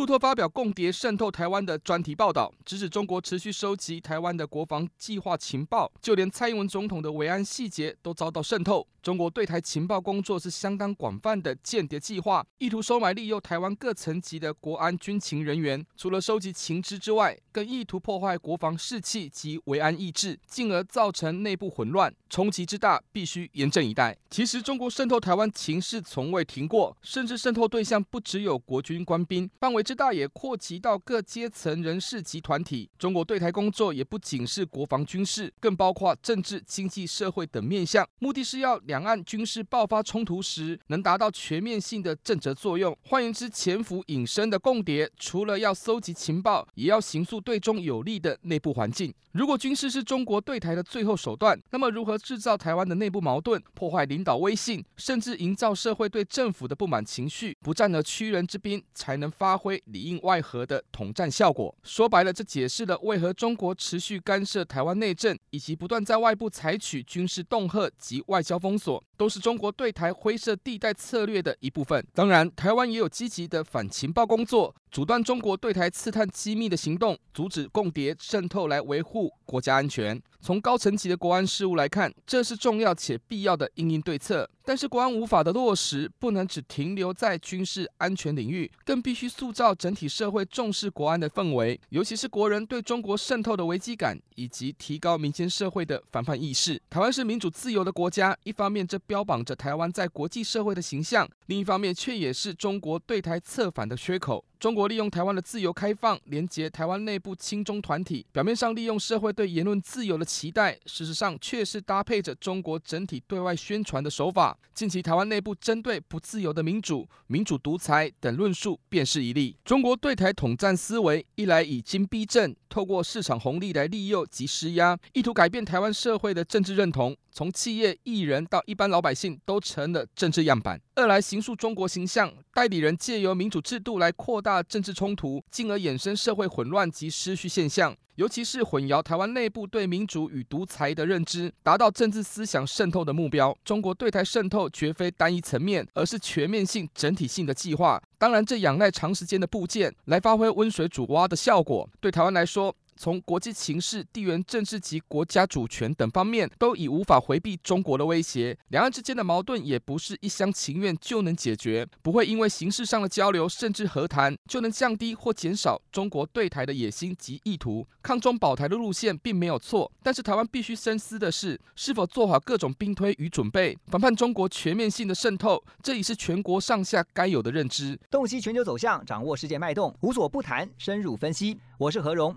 路透發表共諜滲透台灣的專題報道，直指中國持續收集台灣的國防計劃情報，就連蔡英文總統的維安細節都遭到滲透。中國對台情報工作是相當廣泛的間諜計劃，意圖收買利誘台灣各層級的國安軍情人員，除了收集情資之外，更意圖破壞國防士氣及維安意志，進而造成內部混亂。衝擊之大，必須嚴陣以待。其實，中國滲透台灣情勢從未停過，甚至滲透對象不只有國軍官兵，範圍之大也擴及到各階層人士及團體。中國對台工作也不僅是國防軍事，更包括政治、經濟、社會等面向。目的是要兩岸軍事爆發衝突時，能達到全面性的震懾作用。換言之，潛伏隱身的共諜，除了要搜集情報，也要形塑對中有利的內部環境。如果軍事是中國對台的最後手段，那麼如何制造台灣的內部矛盾，破壞領導威信，甚至營造社會對政府的不滿情緒？不戰而屈人之兵，才能發揮。裡應外合的統戰效果，說白了，這解釋了為何中國持續干涉台灣內政，以及不斷在外部採取軍事恫嚇及外交封鎖，都是中國對台灰色地帶策略的一部分。當然，台灣也有積極的反情報工作，阻斷中國對台刺探機密的行動，阻止共諜滲透，來維護國家安全。從高層級的國安事務來看，這是重要且必要的因應對策。但是，國安五法的落實不能只停留在軍事安全領域，更必須塑造整體社會重視國安的氛圍，尤其是國人對中國滲透的危機感以及提高民間社會的反叛意識。台灣是民主自由的國家，一方面這標榜着台灣在國際社會的形象，另一方面卻也是中國對台策反的缺口。中國利用台灣的自由開放，連接台灣內部親中團體，表面上利用社會對言論自由的期待，事實上卻是搭配着中國整體對外宣傳的手法。近期台灣內部針對不自由的民主、民主獨裁等論述便是一例。中國對台統戰思維，一來以經逼政，透過市場紅利來利誘及施壓，意圖改變台灣社會的政治認同。從企業、藝人到一般老百姓，都成了政治樣板。二來，形塑中國形象，代理人借由民主制度來擴大政治衝突，進而衍生社會混亂及失序現象，尤其是混淆台灣內部對民主與獨裁的認知，達到政治思想滲透的目標。中國對台滲透絕非單一層面，而是全面性、整體性的計劃。當然，這仰賴長時間的鋪墊來發揮溫水煮蛙的效果。對台灣來說，從國際情勢、地緣政治及國家主權等方面，都已無法回避中國的威脅。兩岸之間的矛盾也不是一廂情願就能解決，不會因為形式上的交流甚至和談就能降低或減少中國對台的野心及意圖。抗中保台的路線並沒有錯，但是台灣必須深思的是，是否做好各種兵推與準備，防範中國全面性的滲透。這已是全國上下該有的認知，洞悉全球走向，掌握世界脈動，無所不談，深入分析。我是何榮。